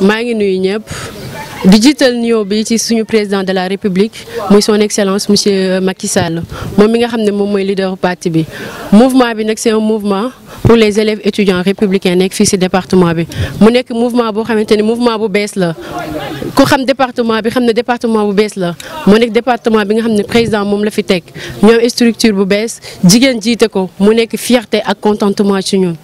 Je suis le Digital di président de la république son excellence monsieur euh, Macky Sall Je mi nga leader du parti Le mouvement bi un mouvement pour les élèves étudiants républicains et fii ci département bi mu le mouvement qui est mouvement bu base la ko xam département bi xam département bu bees la mo nek département bi nga xam président mom la fi teg ñom structure bu bees jigen jiite ko mu nek fierté ak contentement ci ñun.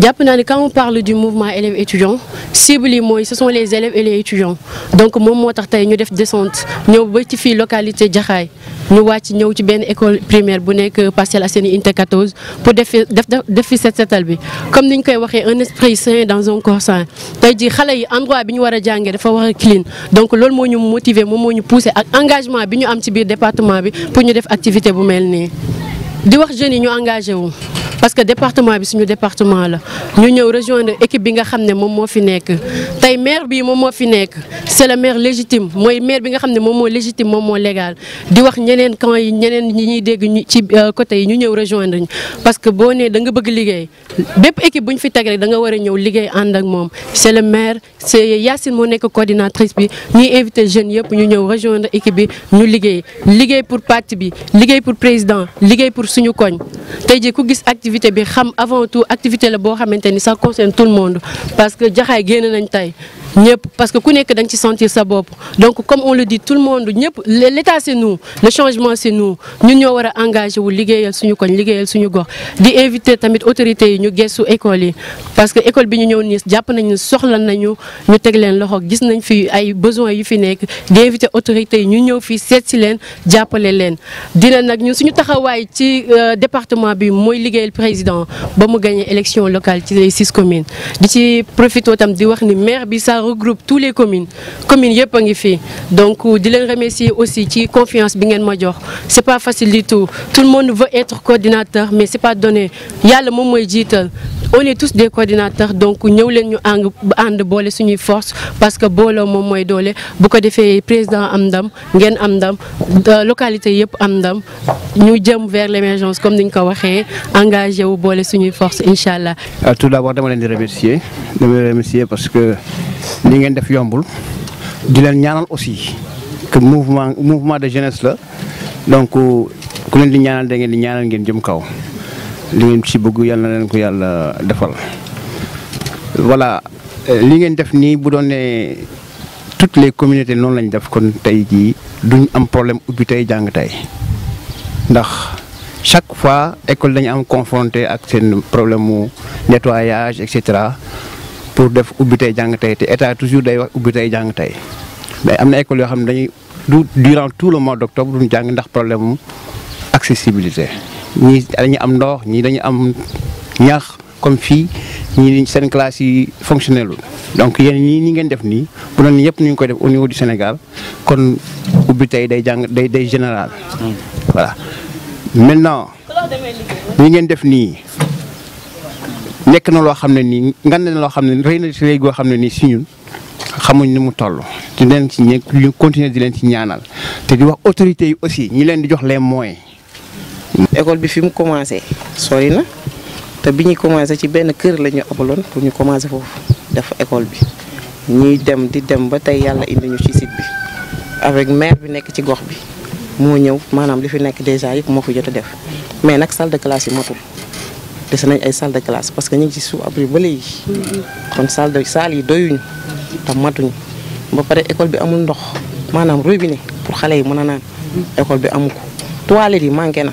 japp na ni quand on parle du mouvement élèves étudiants cible moy ce sont les élèves et les étudiants donc mom motax tay ñu def descente ñëw ba ci fi localité Jaxaay nous avons ñëw ci benn école primaire bu à la Assainies Inter 14 pour def def def comme nous avons koy un esprit sain dans un corps sain C'est-à-dire que endroit bi ñu war a dafa clean donc loolu moo ñu motiver moom moo ñu poussé ak engagement bi ñu am département pour ñu def activité bu mel di wax yi engagé parce que département bi suñu département la ñu ñëw rejoindre équipe bi nga xamné mom mo fi nekk tay maire bi mom mo fi nekk c'est le maire légitime moy maire bi nga xamné mom mo légitime mom mo légal di wax ñeneen camp yi ñeneen ñi ñi dégg ci euh, côté yi ñu ñëw rejoindre parce que bo né da nga bëgg liggéey bép équipe buñ fi tégg rek da nga wara a ñëw liggéey ànd ak mom c'est le maire c'est Yassine mo nekk coordinatrice bi ñuy invité jeune yëpp ñu ñëw rejoindre équipe bi ñu liggéey liggéey pour parti bi liggéey pour président liggéey pour suñu koñ tay ji ku gis activité activité avant tout activité la bo xamanteni ça concerne tout le monde parce que jaxaay génn nañ tey ñëpp parce que ku nekk da nga ci sentir sa bopp donc comme on le dit tout le monde ñëpp l' état nous le changement c'est est nous ñun ñoo war a engagé wu liggéeyal suñu koñ liggéeyal suñu gox di invité tamit autorités ñu gëstu école parce que école bi ñu ñëw nii jàpp nañ ne soxla nañu ñu teg leen loxo gis nañ fi ay besoins yu fi nekk di invité autorités ñu ñëw fii seet si leen jàppale leen dina nag ñun suñu taxawaay ci euh, département bi moy liggéeyal président ba mu gagner élection locale ci les 6 communes di ci profito tam di wax ni maire bi sa regroupe tous les communes communes y donc je euh, vous remercier aussi la confiance bi n'est c'est pas facile du tout tout le monde veut être coordinateur mais ce n'est pas donné Il y a le mot dit on est tous des coordinateurs donc nous leen ñu ànd ànd boole suñuy force parce que bolo mom moy doole bu ko défé président amdam ndam amdam am euh, localité yëpp amdam nous ñu jëm vers l'émergence comme niñ ko waxé engagé wu bolé suñuy force inshallah tout d'abord dama leen di remercier dama remercier parce que ni ngeen def yombul di leen ñaanal aussi que mouvement mouvement de jeunesse là, donc ku leen di ñaanal da ngeen di ñaanal ngeen jëm kaw. li ngeen ci bëgg yal leen ko yàlla defal voilà euh, li ngeen def nii bu doon ne toutes les communautés noonu lañ def kon tey jii duñ am problème ubbi tey jàng tey ndax chaque fois école dañu am confronté ak seen problème mu nettoyage et cetera pour def ubbi tey jàng tey te état toujours day wax ubbi tey jàng tey mais am na école yoo xam ne dañuy du durant tout le mois d' du ñu jàng ndax problème mu accessibilité. ñii dañuy am ndox ñii dañu am ñax comme fii ñii seen classe yi fonctionnel donc yéen ñii ñi ngeen def nii bu doon yëpp ñu ngi koy def au niveau du Sénégal kon ubbi tey day jàng day day général. voilà maintenant ñi ngeen def nii nekk na loo xam ne nii ngan na loo xam ne rëy na si rëy goo xam ne nii si ñun xamuñ ni mu toll. di leen ci ñu continuer di leen ci ñaanal te di wax autorités yi aussi ñi leen di jox les moyens. école bi fi commencé sori na te bi commencé ci benn kër lañu ñu pour ñu commencé fofu def école bi ñi dem di dem ba tay yalla indi ñu ci site bi avec maire bi nek ci gox bi mo ñew manam li fi nek déjà yépp mo fi jotta def mais nak salle de classe yi matul des nañ ay salle de classe parce que ñi ci sous abri ba lay kon salle de salle yi doyuñ ta matuñ ba paré école bi amul ndox maanaam robinet pour xalé yi mëna a naan école bi amuko ko toilette yi manké na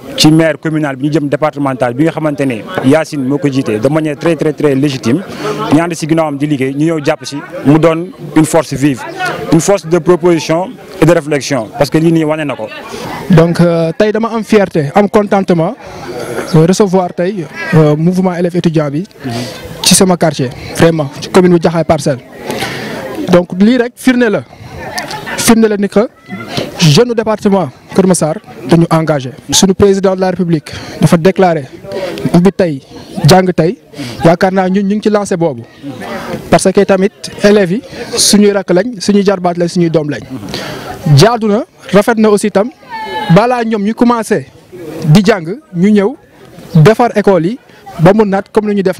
ci maire communal bi ñu jëm départemental bi nga xamantene yassine Yacine jité de manière très très très légitime ñand ci si di liggéey ñu ñëw japp ci mu donne une force vive une force de proposition et de réflexion parce que li ni wané nako donc euh, tay dama am fierté am contentement euh, recevoir ce euh, mouvement élève étudiants bi. ci sama quartier vraiment ci commune bu jaxay parcelle. donc li rek firné la firné la ni que jeune département. Kër Massar dañu engagé suñu président de la république dafa déclaré ubbi tey jàng tey nous naa ñun ñu ci parce que tamit élèves yi suñuy rakk lañ suñuy jarbaat lañ suñuy doom lañ jaadu na rafet na aussi tam balaa ñoom ñu commencé di jàng ñu ñëw defar école yi ba mu comme nous ñu def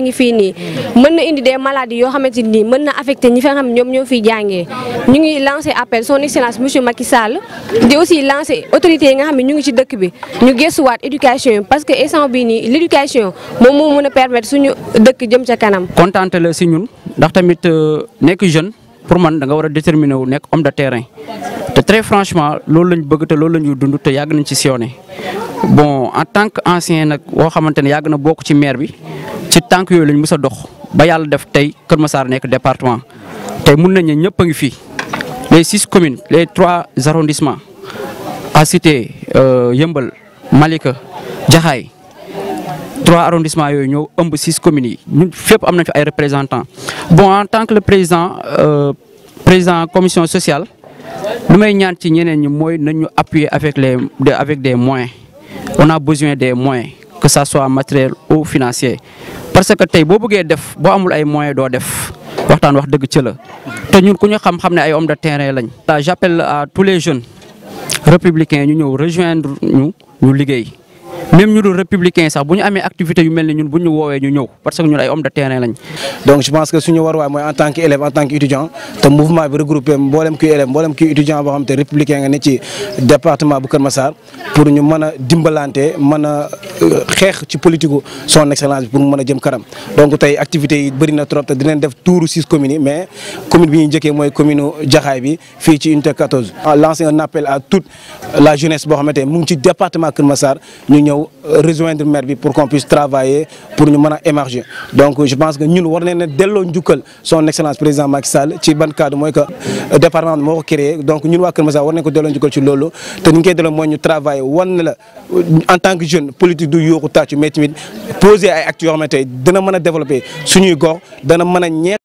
mi ngi fii nii mën na indi des maladies yoo xamante nii mën na affecté ñi fa xam ñoom ñoo fiy jàngee ñu ngi lancé appel son excellence monsieur Macky Sall di aussi lancé autorités yi nga xam ne ñu ngi ci dëkk bi ñu gëstuwaat éducation yi parce que instant bi nii l' éducation moom moo mën a permettre suñu dëkk jëm ca kanam kontaante la si ñun ndax tamit euh, nekk jeune pour man da nga war a déterminer wu nekk homme de terrain te très franchement loolu lañ bëgg te loolu la ñuy dund te yàgg nañ ci siyone bon en tant que ancien nag boo xamante ne yàgg na bokk ci maire bi c'est tant que nous mës a dox ba yàlla def département tey le a les six communes les trois arrondissements à cité euh, Malik, Malika Les trois arrondissements yooyu ñëw ëmb six communes Nous faisons fépp représentants bon en tant que le président euh, président commission sociale nous avons ñaan ci appuyer avec les avec des moyens on a besoin des moyens. que ça soit matériel ou financier parce que tay bo bëggé def bo amul ay moyens do def waxtan wax dëgg ci la té ñun ku ñu xam-xam né ay homme de terrain lañ. j'appelle à tous les jeunes républicains ñu ñëw rejoindre ñu ñu liggéey. même ñu dul républicain sax bu ñu amee activité yu mel ni ñun bu ñu woowee ñu ñëw parce que ñun lañ. donc je pense que suñu waruwaay mooy en tant que élève en tant que étudiant te mouvement bi regroupé mboolem kuy élève mboolem kuy étudiant boo xam te républicain nga ne ci département bu Kër Massar pour a dimbalante mën a euh, xeex mu a jëm kanam donc tey activités yi bëri na trop te dinañ def tuuru six communes yi mais commune bi ñu njëkkee mooy commune ci unité 14. lancé un appel mu ngi ci ñu ñëw rejoindre maire pour qu'on puisse travailler pour nous émerger donc je pense que nous war nañ ne du son excellence président Macky Sall ci ban cadre département de moo créé donc nous waa Kër Massar war nañ ko delloo njukkal ci loolu nous ñu koy en tant que jeune politique du yooku tàccu mais tamit poser ay actes yoo xam ne développer suñuy gox